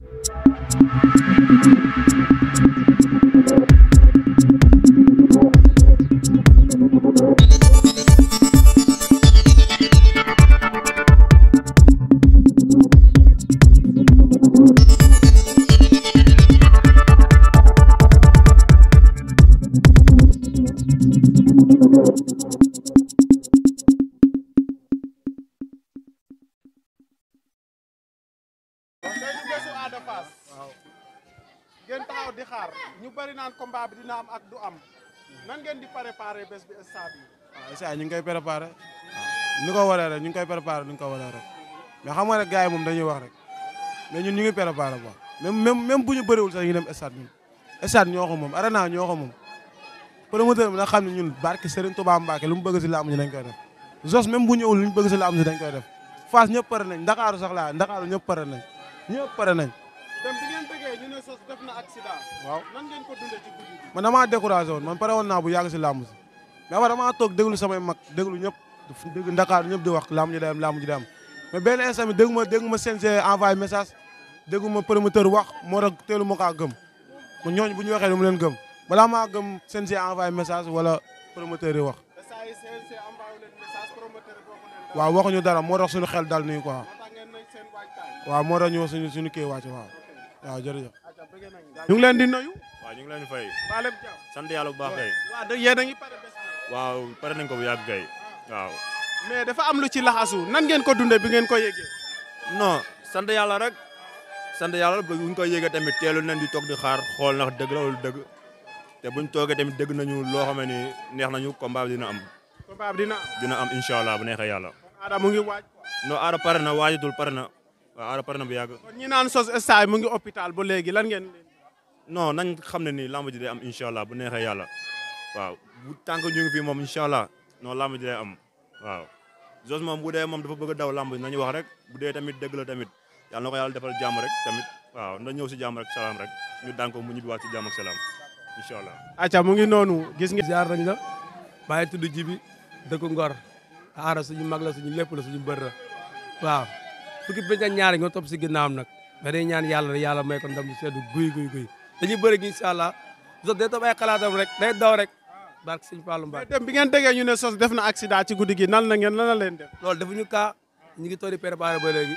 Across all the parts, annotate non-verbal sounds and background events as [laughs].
thank you combat bi ak du am nan ngeen di préparer bés bi stade bi. waaw ah, ñu ngi koy préparer ah, ni ko waree rek ñu ngi koy préparer ni ñu ko waree rek mais xam nga rek gars yi moom dañuy wax rek mais ñun ñu ngi préparer quoi même même même bu ñu bëriwul sax ñu dem stade ñun stade ñoo ko moom arena ñoo ko moom. promoteur bi na xam ne ñun barke Serigne Touba Mbacke lu mu bëgg si laamu ñu dañ koy def Zoss même bu ñëwul lu ñu bëgg si laamu ñu dañ koy def Fass ñëpp pare nañ Ndakaaru sax laa Ndakaaru ñëpp pare nañ ñëpp pare nañ ñu ne sos na accident. waaw nan ngeen ko dundee ci woon man pare woon naa bu yàgg si làmb si. mais man maa toog déglu samay mag déglu ñëpp dégg Ndakaar ñëpp di wax làmb ji day am làmb ji day am mais benn instant bi déggu ma déggu ma CNG envoyé message déggu ma promoteur wax moo tax teelu ma kaa gëm kon ñooñu bu ñu waxee du mu leen gëm balaa maa gëm CNG envoyé message wala promoteur yi wax. waaw waxuñu dara moo tax suñu xel dal nuyu quoi waaw moo tax ñu suñu suñu kii wàcc waaw. waaw jërëjëf. ñu ngi leen di nuyu. waaw ñu ngi leen di bu baax kay. waaw dëgg yéen ngi nañ ko bu yàgg kay waaw. mais dafa am lu ci laxasu nan ngeen ko dundee bi ngeen ko yëgee. non sant yàlla rek. sant yàlla bu ñu koy yëgee tamit teelu nañ di toog di xaar xool ndax dëgg la dëgg te buñ toogee tamit dëgg nañu loo xam ne neex nañu combat bi dina am. combat bi dina am dina am incha allah bu neexee yàlla. Aada ngi waaj. non Aada pare na waajatul pare na. waaw aada pare na bu yàgg. kon naan sos stade mu ngi hôpital ba léegi lan ngeen. non nañ xam ne nii lamb ji day am incha allah bu neexee yàlla waaw bu tànk ñu ngi fi moom incha allah non lamb ji am waaw. Zoss moom bu dee moom dafa bëgg a daw lamb nañu wax rek bu dee tamit dëgg tamit yàlla na ko yàlla defal jàmm rek tamit waaw na ñëw si jàmm rek salaam rek ñu daan ko mu ñibbiwaat si jàmm ak salaam incha allah. acca mu ngi noonu gis nga. ziar nañ la maa ngi tudd Jibi dëkk Ngor aara suñu mag la suñu lépp la suñu bër la waaw. fukki bëñ ak ñaari ñoo topp si ginnaawam nag mais day ñaan yàlla ne yàlla may ko ndam lu seddu guy guy guy dañuy bëri incha allah sos day topp ay xalaatam rek day daw rek barke sëñ Fallou Mbacke dem bi ngeen déggee ñu ne sos def na accident ci guddi gi nan la ngeen lan la leen def loolu defuñu kaa ñu ngi toog di préparé ba léegi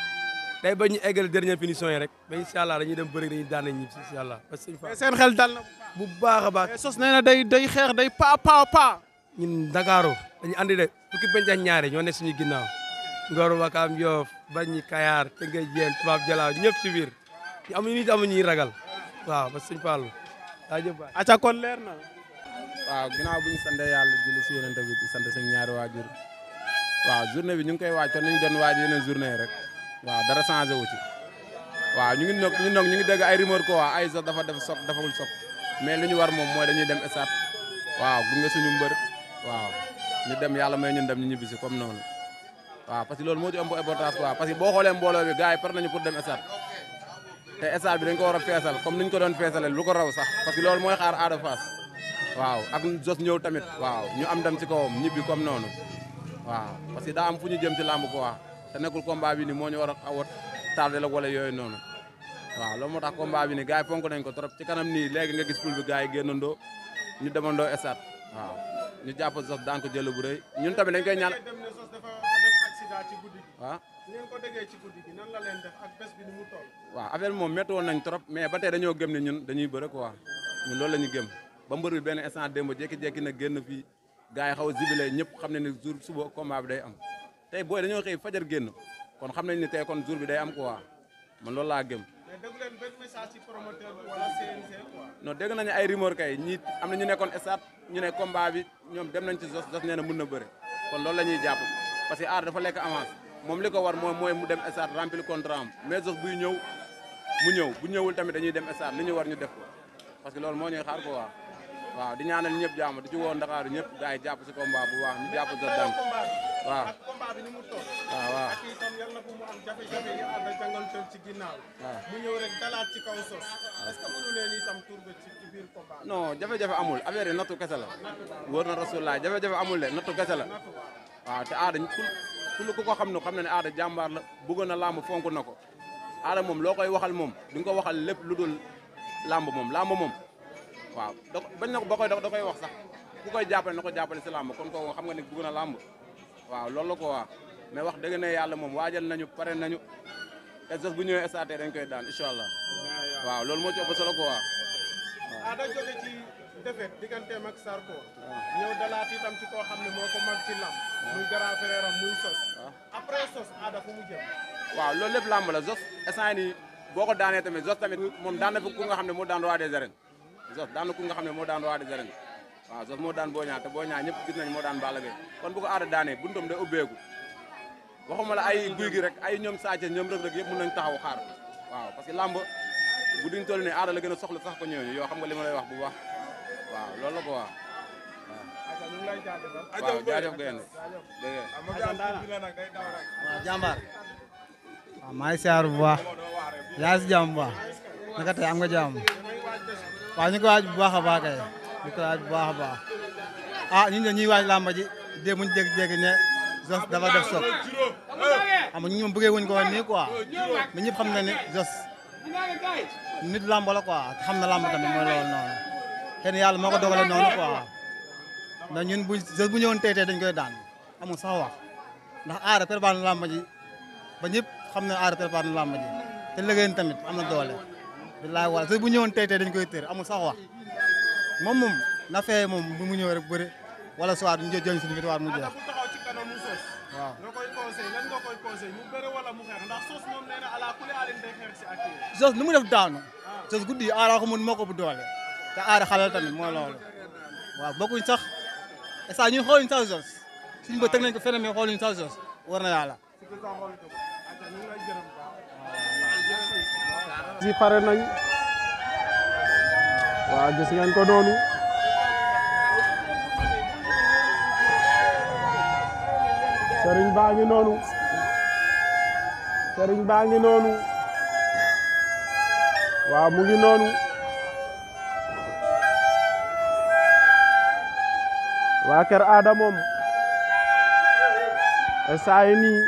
day ba ñu eggal dernière finition yi rek mais incha allah dañuy dem bëri dañuy daan nañ ñibbi incha allah parce que seen xel dal na bu baax a baax sos nee na day day xeex day pa pa pa ñun Dakar dañu andi de fukki bëñ ak ñaari ñoo ne suñu ginnaaw Ngor wakam Wakaam Yoof kayar te Tëngéej Jéen tubab Jalaaw ñepp ci bir am amuñu am ñi ragal waaw ba seigne Fallu da jëf ba acca kon leer na waaw ginaaw buñu sande yalla jullu ci si bi sande seigne seen ñaari waajur waaw journée bi ñu ngi koy wacc ñu den waaj yeneen journée rek waaw dara changé wu ci waaw ñu ngi nok ñu nok ñu ngi dégg ay rumeur ko waa ay sa dafa def sok dafa wul sok mais liñu war mom moy dañuy dem estate waaw nga suñu mbeur waaw ñu dem yalla may ñun dem ñu ñibisi comme noonu waaw parce que loolu moo ci ëmb importance quoi parce que boo xoolee mbooloo bi gars nañu pour dem stade te stade bi dañ ko war a feesal comme niñ ko doon feesale lu ko raw sax parce que loolu mooy xaar Ada Fass waaw ak jos ñëw tamit waaw ñu am dam ci kawam ñibbi comme noonu waaw parce que daa am fu ñu jëm ci làmb quoi te nekkul combat bi ni moo ñu war a xaw a tardé la wala yooyu noonu waaw loolu moo tax combat bi ni gars yi fonk ko trop ci kanam nii léegi nga gis pul bi gars yi génnandoo ñu demandoo stade waaw ñu jàpp jos daan ko bu rëy ñun tamit dañ koy ñaan ci guddi gi. waaw ah. su la leen def ak bés bi moom métti woon nañ trop mais ba tey dañoo gëm ne ñun dañuy bëre quoi ñun loolu la ñu gëm ba mbër bi benn instant démb jékki-jékki na génn fii gars yi xaw a zibilé ñëpp xam ne ne jour suba combat bi day am tey booy dañoo xëy fajar génn kon xam nañ ne tey kon jur bi day am quoi ma loolu laa gëm. mais dégg dégg nañu ay rumeur kay ñi am na ñu nekkoon stade ñu ne combat bi ñoom dem nañ ci jos jos nee na mun na bëre kon loolu la ñuy jàpp parce que art dafa lek avance mom liko war moy moy mu dem stade remplir contrat am mais sax buy ñew mu ñew bu ñewul tamit dañuy dem stade li ñu war ñu def ko parce que lool mo ñuy xaar ko wa wa di ñaanal ñepp jàmm di ci woon dakar ñepp gaay japp ci si combat bu wax ñu jàpp sa daan waaw combat bi ni mu toog waaw waaw ak itam yal na ko mu am jafe-jafe yi ak jàngantoon ci ginnaaw mu ñëw rek dalaat ci kaw sos est-ce que mënu leen itam tur ba ci biir combat non jafe-jafe amul affaire yi nattu kese la wóor na rasulullah jafe-jafe amul le. nattu kese waaw te aada ku ku ko xam ne xam na ne aada jàmbaar la bëggoon na làmb fonk na ko aada moom loo koy waxal moom di ko waxal lépp lu dul làmb moom làmb moom waaw da bañ na ko ba koy da koy wax sax ku koy jàppale na ko jàppale si làmb kon kooku xam nga ne bëgg na làmb waaw loolu la ko waa mais wax dëgg ne yàlla moom waajal nañu pare nañu te sax bu ñëwee SAT dañ koy daan incha allah waaw loolu moo ci ëpp solo ko waa ah, defet digganteem ak Sarko. ñëw dalaat xam ne moo ko mag ci lamb muy grand ah. waaw loolu lépp lamb la sos instant yii boo ko daanee tamit sos tamit moom daan na fi xam ne moo daan roi des arènes. sos daan na xam ne moo daan roi des arènes waaw sos moo daan boo ñaa te boo ñaa ñëpp gis nañ moo daan Balla kon bu aada daanee buntam day ubbeeku waxuma ay guy gi rek ay ñoom Sadio ñoom Reug Reug yëpp mën nañ taxaw xaar waaw parce que lamb bu duñ toll aada la a soxla sax ko ñëw yoo xam nga li lay wax bu baax waaw loolu la ko waaw. waaw ñu maa ngi siyaar bu baax. yaa ngi si jàmm bu baax. naka am nga jàmm. waaw ñu ngi ko waaj bu baax a baax kay. ñu ko waaj bu baax a baax. ah ñu de ñuy waaj làmb ji dee bu ñu jékki-jékki dafa def soog. xam nga ñun moom bëggee wuñ ko woon nii quoi. mais ñëpp xam na ne Zoss nit làmb la quoi xam na làmb tamit mooy loolu noonu. xëy na yàlla moo ko dogalee noonu quoi ndax ñun bu jël bu ñëwoon tey tey dañ koy daan amul sax wax ndax aara préparé na làmb ji ba ñëpp xam ne aara préparé na làmb ji te tamit am na doole billaay bu ñëwoon tey dañ koy tër amul sax wax moom moom na fee moom bu mu wala soit ñu jël suñu victoire waaw nga koy mu bëre wala mu xeex sos moom nee na sos lu mu def daanu sos bu doole te aada xalal tamit mooy loolu waaw bokkuñ sax saa ñun xooluñ sax Zoss suñu bët teg nañ ko feneen mais xooluñ sax Zoss war na yàlla. si nañ waaw gis ngeen ko noonu. Sëriñ baa ngi noonu Sëriñ baa ngi noonu waaw mu ngi noonu. waa kër aada moom saa yi nii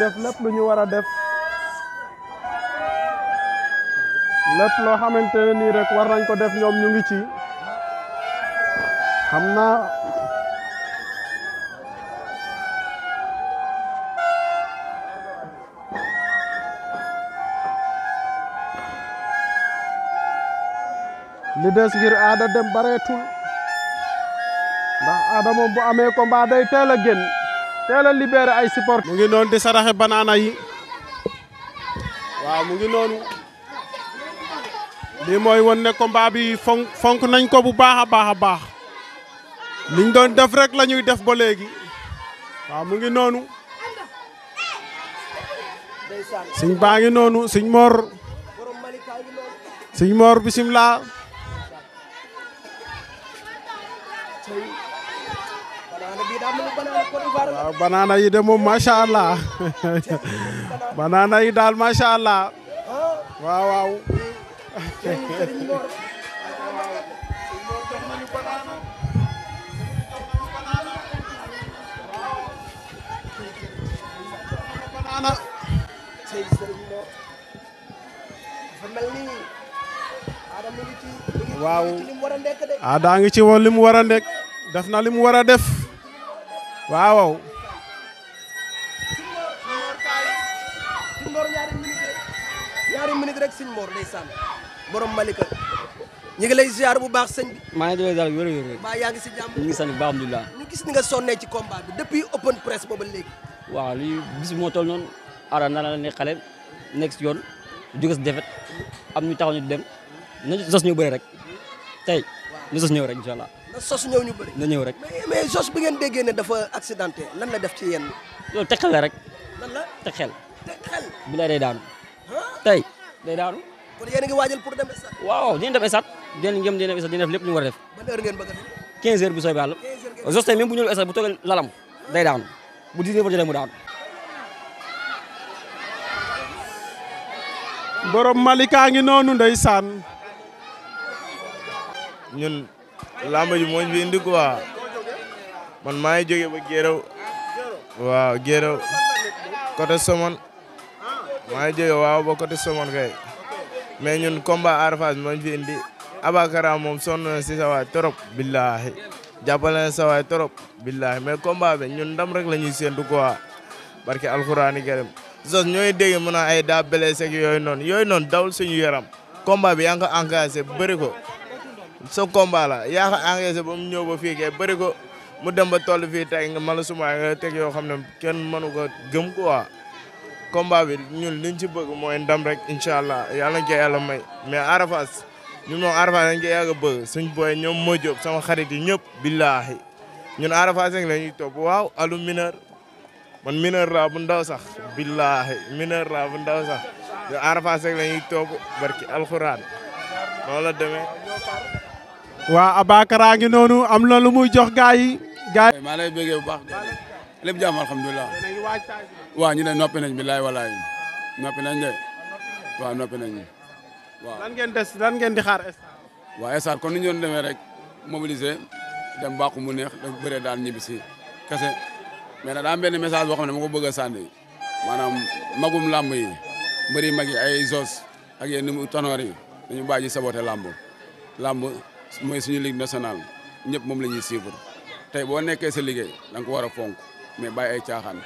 def lépp lu ñu war a def lépp loo xamante ne nii rek war nañ ko def ñoom ñu ngi ci na li des ngir aada dem bareetul Adama bu amee combat day teel a génn teel ay siport mu ngi noonu di saraxe banaana yi waaw mu ngi noonu lii mooy won ne combat bi fonk fonk nañ ko bu baax a baax a baax liñ doon def rek la ñuy def ba léegi waaw mu ngi noonu sëñ baa ngi noonu sëñ Mor sëñ Mor bisimilah waaw banaana yi de moom macha allah [laughs] banaana yi daal macha allah waaw waaw. [laughs] waaw. ah daa ngi ci woon li mu war a nekk def na li mu war a def. waaw. ñaari minute rek sëñ Mor ndeysaan borom Malika ñu ngi lay ziar bu baax sëñ bi. maa ngi doon ziar wér wér. mbaa yaa ngi si jàmm. ñu ngi sant bu baax alhamdulilah. ñu gis ni nga sonnee ci combat bi depuis open press boobu léegi. waaw lii bis bi moo toll noonu. ara nana la ne xale nekk si yoon jóge si defet am ñu taxaw ñu dem na sos ñëw bëre rek tey na sos ñëw rek incha allah. sos ñëw ñu bëri. na ñëw rek mais mais bi ngeen déggee ne dafa accidenté lan la def ci yenn. loolu te xel la rek. lan la xel. te xel bi lay day daanu. tey day daanu. kon yéen a waaw dinañ dem stade dinañ jëm dinañ dem stade def lépp lu war a def. ban heure ngeen bëgg a def. 15 heures bu soobee yàlla. 15 heures ngeen bu ñu ñëwee stade bu toogee lalam day daanu bu 10 heures jëlee mu daanu. borom Malika ngi noonu ndeysaan ñun làmb ji moo ñu fi indi quoi man maa ngi jógee ba Géraw waaw Géraw côté Somone maa ngi jógee waaw ba côté Somone kay mais ñun combat arafas moo fi indi Abakara moom sonn na si sa waay trop billahi jàppale na sa waay trop billahi mais combat bi ñun ndam rek la ñuy séntu quoi barke alxuraani karim Zos ñooy dégg mu na ay daa blessé ak yooyu noonu yooyu noonu dawul suñu yaram combat bi yaa ngi ko engagé bëri ko. so combat la ya ko engagé bam mu ñëw ba fi kay bari ko mu dem ba toll fi tay nga mala suma nga tek yo xamne kenn mënu ko gëm quoi combat bi ñun liñ ci bëgg moy ndam rek inshallah yalla yalla may mais arafas ñu moom arafas dañ koy yàgg bëgg suñ boy ñom mo jóg sama xarit yi ñëpp billahi ñun arafas rek lañuy top waaw alu mineur man mineur la bu ndaw sax billahi mineur la bu ndaw sax arafas rek lañuy top barki alquran wala demé waa Abakara ngi noonu am loolu lu jox gaa yi. gaa yi maa lay bu baax lépp jàmm alhamdulilah. waaw ñu ne noppi nañ billaay walaay noppi nañ de waaw noppi nañ waaw. lan ngeen ngeen di xaar estar. waaw estar kon ni ñu doon demee rek mobiliser dem bàqu mu neex dem bëree daal ñibbisi kese mais nag daa benn message boo xam ne ma bëgg a sànni maanaam magum làmb yi mbëri mag yi ay zos ak yenn tonor yi dañu yi saboté làmb làmb. mooy suñu ligue nationale ñëpp moom la ñuy suivre tey boo nekkee sa liggéey danga ko war a fonk mais bàyyi ay caaxaan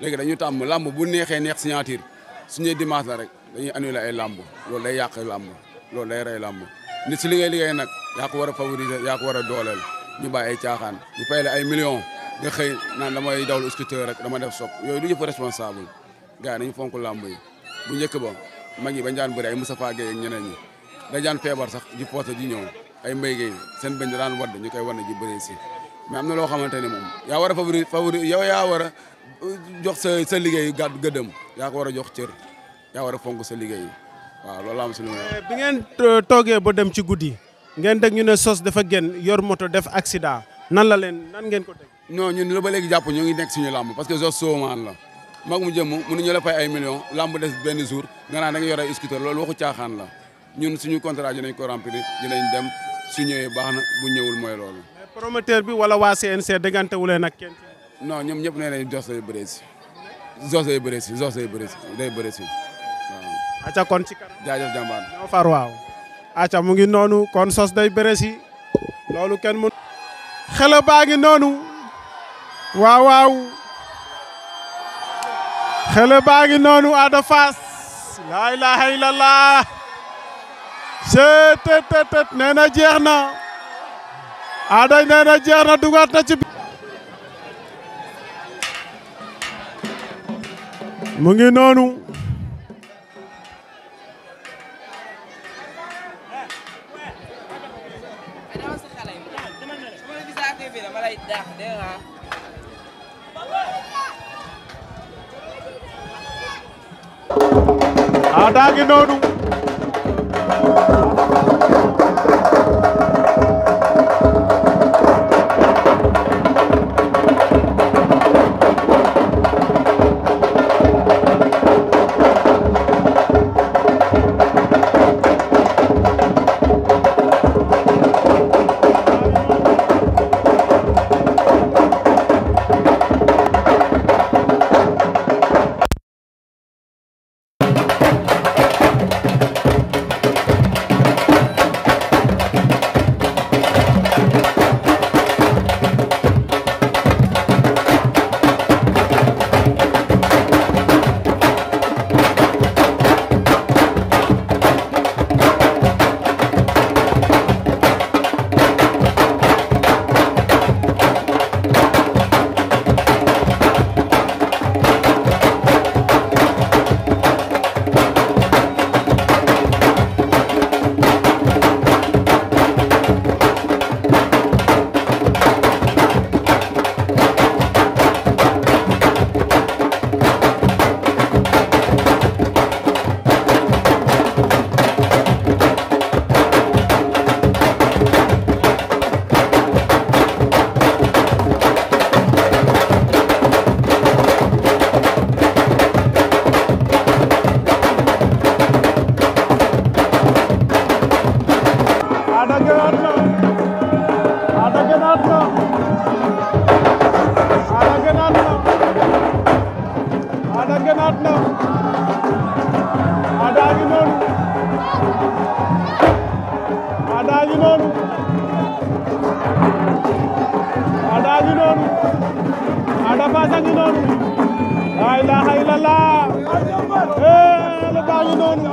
léegi dañu tàmm làmb bu neexee neex signature suñuy dimanche la rek dañuy annulé ay làmb loolu day yàq làmb loolu day rey làmb nit si li ngay liggéey nag yaa ko war a favoriser yaa ko war a dooleel ñu bàyyi ay caaxaan ñu fay la ay millions nga xëy naan damay dawlu scooter rek dama def soog yooyu du yëpp responsable gars yi nañu fonk làmb yi bu njëkk ba mag yi bañ daan bëri ay Moussa Faye ak ñeneen ñi dañ feebar sax ji poste ji ñëw ay mbéy géey seen bañ daan wadd ñu koy wane ji bëree si mais am na loo xamante ne moom yaa war a favori favori yow yaa war a uh, jox sa sa liggéey gàdd gëddëm yaa ko war a jox cër yaa war a fonk sa liggéey waaw loolu am si lu eh, bi ngeen uh, toogee ba dem ci guddi ngeen dégg ñu sos dafa génn yor moto def accident nan la leen nan ngeen ko teg non ñun la ba jàpp ñu ngi nekk suñu làmb parce que sos soomaan la mag mu jëmm mënu ñu la fay ay millions làmb des benn jour nga naan da nga yor ay scooter loolu waxu caaxaan la ñun suñu contrat dinañ ko remplir dinañ dem su ñëwee baax na bu ñëwul mooy loolu. mais promoteur bi wala waa CNC déggante wu leen na kenn. non ñoom ñëpp nee nañu jos lay bëree si. jos lay bëree si si day bëree si waaw. acca kon ci kanam jaajëf jàmbaar. ñoo far waaw. acca mu ngi noonu kon sos day bëree si loolu kenn mu xel baa ngi noonu. waaw waaw. xela a ngi noonu Ada Fass. laa ilaaha seetet tet nee na jeex na Ada nee na jeex na dugaat na ci mu ngi noonu Fass a ngi noonu la ilaha illallah eh le baa ngi noonu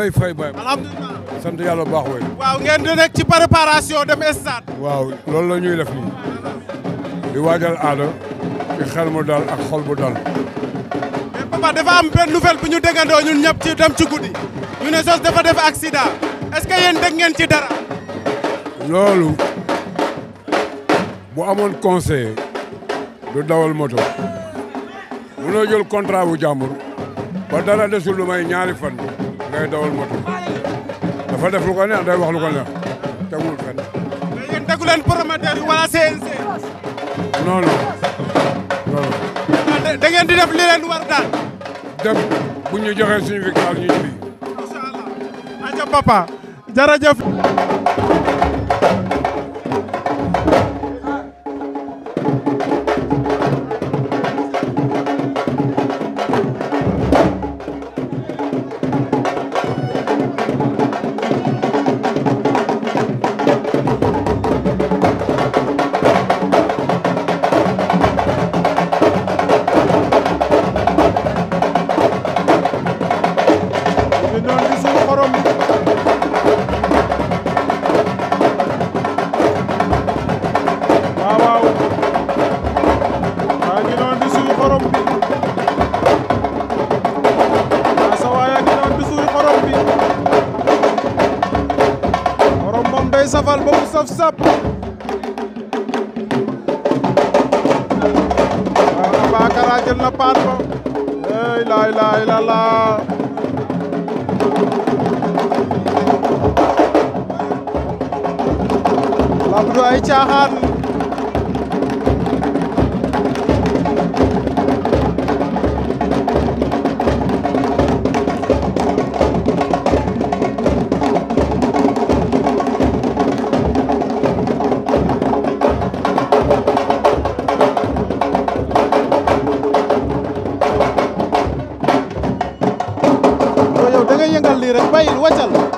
lay fay baay. alhamdulilah sant yàlla bu baax waay. waaw ngeen di nekk ci préparation dem stade. waaw loolu la ñuy def nii di waajal aada ci xel mu dal ak xol bu dal. mais papa dafa am benn nouvelle bu ñu déggandoo ñun ñëpp ci dem ci guddi ñu ne Zoss dafa def accident est-ce que ngeen ci dara. loolu bu amoon conseil du dawal moto munoo jël contrat bu jàmbur ba dara desul lu may ñaari fan. ngay dawal moto dafa def lu ko neex day wax lu ko neex teguwul fenn. mais yéen déggu leen promoteur yi wala CNG. non non non. Ah, da ngeen di def li leen war daal. def bu ñu joxee a victoire ñu ji. incha Abdoulaye Thiakhane yow da ngay yëngal lii rek bàyyil wàccal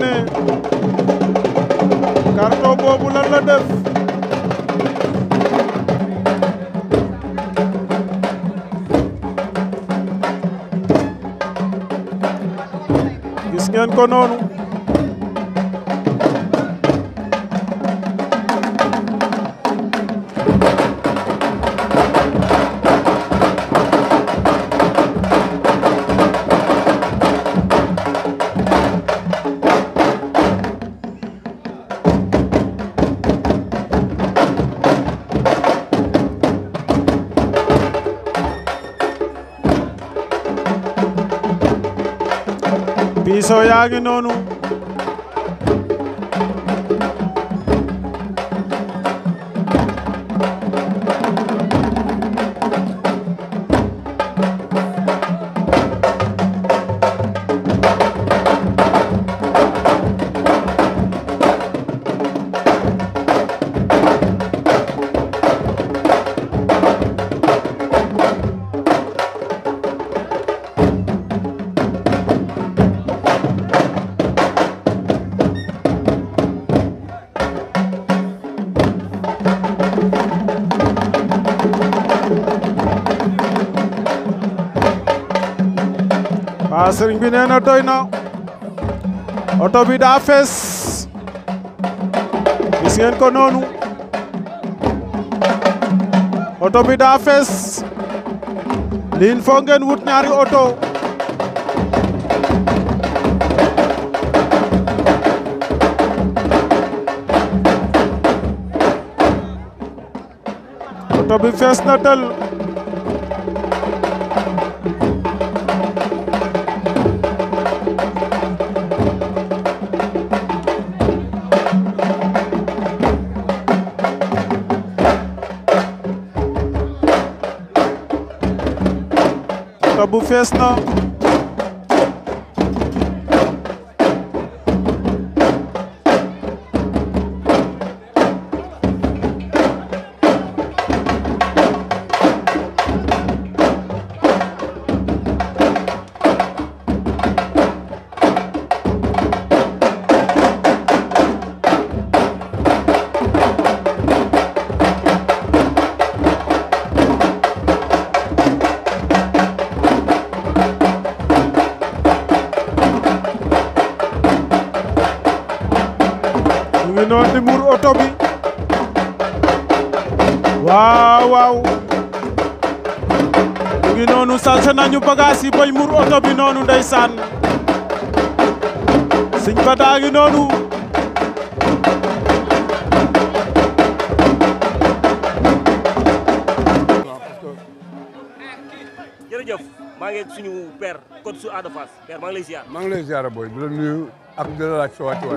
Sané carton boobu lan la def gis ko noonu so y'all can know. waa sëriñ bi na doy oto bi daa fees gis ngeen ko noonu oto bi daa fees liin foo ngeen wut ñaari oto oto bi fees na del Acabou o ngi noonu salsa nañu bagaas boy mur auto bi nonu ndaysan señ Bada ngi noonu jërëjëf Ada père ngi lay ziar ngi lay ziar di nuyu ak Ada war ko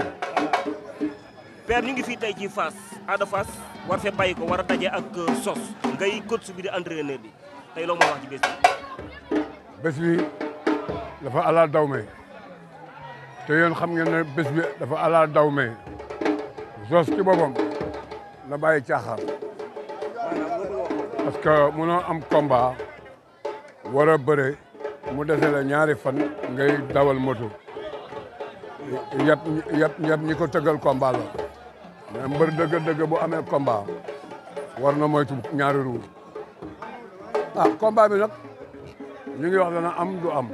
war sos ngay code su bi di tey loo bés bi. dafa ala daw me te yéen xam ngeen ne bés bi dafa ala daw me Zoss ci boppam la bàyyi caaxaan parce que mënoo am combat war a bëre mu dese la ñaari fan ngay dawal moto yab yab ñi ko tëggal combat la mais mbër dëgg-dëgg bu amee combat war na moytu ñaari ruur ah combat bi nag ñu ngi wax dana am du am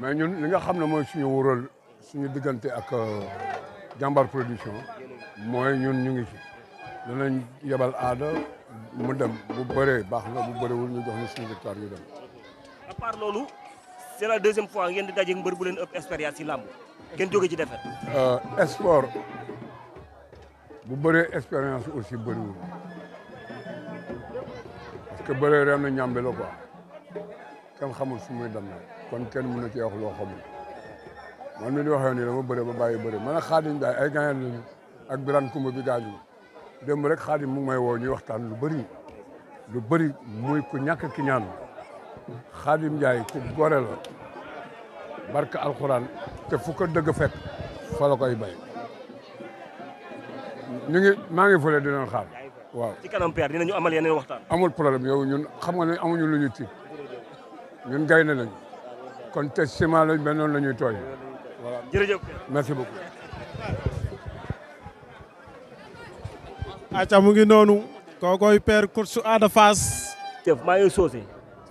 mais ñun li nga xam ne mooy suñu wóoral suñu diggante ak euh, jàmbar production mooy ñun ñu ngi ci danañ yebal aada mu dem bu bëree baax na bu bëriwul ñu jox ñu suñu victoire ñu dem. à part loolu c'est la deuxième fois ngeen di dajeeg mbër bu leen ëpp expérience ci làmb ngeen jóge ci defet euh, sport bu bëree expérience aussi bëriwul. que bëree ren na ñàmbi la quoi kenn xamul fu muy demee kon kenn mënu ci wax loo xamul man mi di waxee nii dama bëre ba bàyyi bëri man ak xaadim ay gaañal lañu ak biran kumba bi gaañu rek mu may waxtaan lu lu muy ku ki ñaan ku la barka te fu ko fa la koy bay ñu ngi maa ngi waaw ci kanam père dinañu amal yeneen waxtaan. amul problème yow ñun xam nga ne amuñu lu ñu tiit ñun gaynde lañu kon te ciment lañ ba noonu la ñuy tooy. voilà jërëjëf merci beaucoup. acca mu ngi noonu. kookoy père coach su Ada Fass. jëf maa ngi soose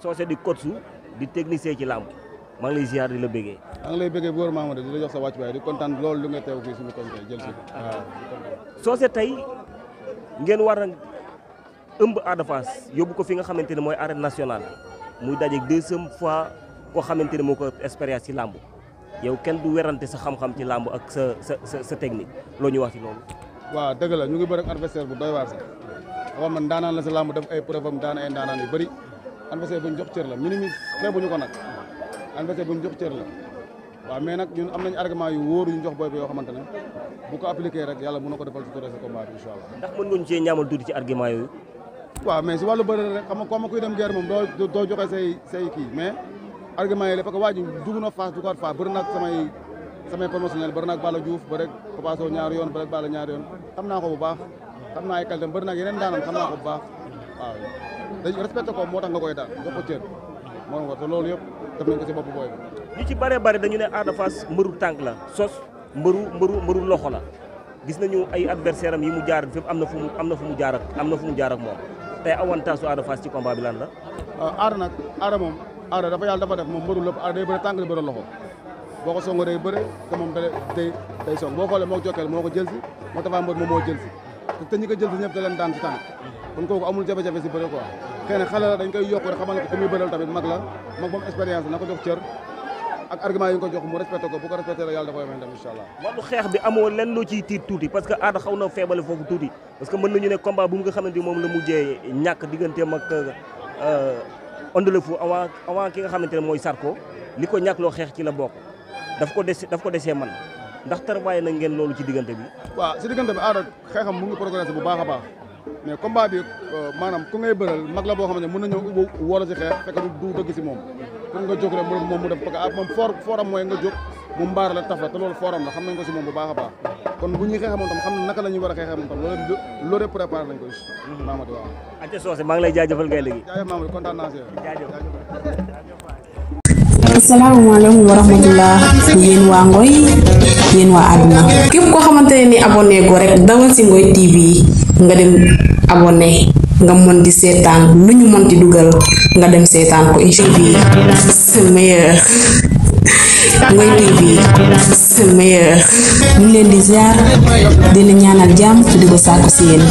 soose di coach di technicien ci làmb maa ngi lay ziar di la bëggee. maa ngi lay bëggee bu wër Mamadou di la jox sa wàccuwaay di kontaan loolu lu nga teew fii suñu comité jël si waaw. soose tey ngeen war a ëmb Ada Fass yóbbu ko fi nga xamante ne mooy arène nationale muy dajeeg deuxième fois koo xamante ne moo ko expérience ci làmb yow kenn du werante sa xam ci làmb ak sa sa sa sa technique loo ñu wax si loolu. waa dëgg la ñu ngi bëri adversaire bu doy waar sa waaw man daanaan la sa làmb def ay preuve am daan ay daanaan yu bëri adversaire bu ñu jox la minimum xeebuñu ko nag adversaire bu ñu jox cër la. waaw mais nag ñun am nañu argement yu wóor yu jox booy bi yoo xamante ne bu ko appliqué rek yàlla mën na ko defal su turee si combat bi incha allah. ndax mën nga ñu cee ñaamal tuuti ci argument yooyu. waaw mais si wàllu bëri rek xam nga kuy dem guerre moom doo doo joxe say say kii mais argument yi la parce que waa ji dugg na Fass duggaat Fass bëri na ak samay samay promotionnel bëri na ak Balla Diouf bëri yoon bëri ak ñaar ñaari yoon xam naa ko bu baax xam naa ay qualités bëri na ak yeneen daanam xam naa ko bu baax waaw dañ respecté moo tax nga koy daal ko cër moo ko ñu ci bare bare dañu ne Ada Fass mbëru tànk la sos mbëru mbëru mbëru loxo la gis nañu ay adversaire am yi mu jaar fépp am na fu mu am na fu mu jaar am na fu mu jaar ak moom tey avantage su Ada Fass ci combat bi lan la. Ah, Ada nag Ada moom Ada dafa yàlla dafa def moom mbëru lépp Ada day bëre tànk la bëre loxo boo ko songoo day bëre te moom day day day song boo xoolee moo jokkeel moo ko jël si moo tax mbër moom moo jël si te ñi ko jël si ñëpp da leen daan si tànk kon koy yokk rek xamal la mag moom na ko jox cër ak argument yi nga ko jox mu respecté ko bu ko respecté la yàlla da xeex bi amoo lenn loo ciy tiit tuuti parce que aada xaw na feebale foofu tuuti parce que mën nañu ne combat bu nga xamante moom la mujjee ñàkk digganteem ak Ondelefu euh, avant avant ki nga xamante ne mooy Sarko li ko ñàkk loo xeex ci la bokk daf ko des daf ko desee man ndax tarwaay na ngeen loolu ci diggante bi waaw si diggante bi aada xeexam mu ngi progressé bu baax a baax mais combat bi euh, maanaam ku la boo xam ne mën na ñëw wóor si xeex fekk du dëgg si pour nga jog rek moom mu def ko que ah for foram moy nga jog mu mbar la tafa te lolou foram la xam nañ ko si moom bu baax baax kon bu ñuy xeex moom tam xam na naka la ñuy war a xeex moom tam loolu loolu nañ ko ci mhm. Mamadou waaw ante sosé maa ngi lay jaajëfal ngay legi jaajëf Mamadou content na ci jaajëf asalaamaaleykum wa ngoy ni abonné tv nga dem abonné nga mën di seetaan lu ñu mën di dugal nga dem seetaan ko IGTV bi meilleur Ngoye TV c'est meilleur ñu leen di ziar dina ñaanal jàmm di ko sàkku si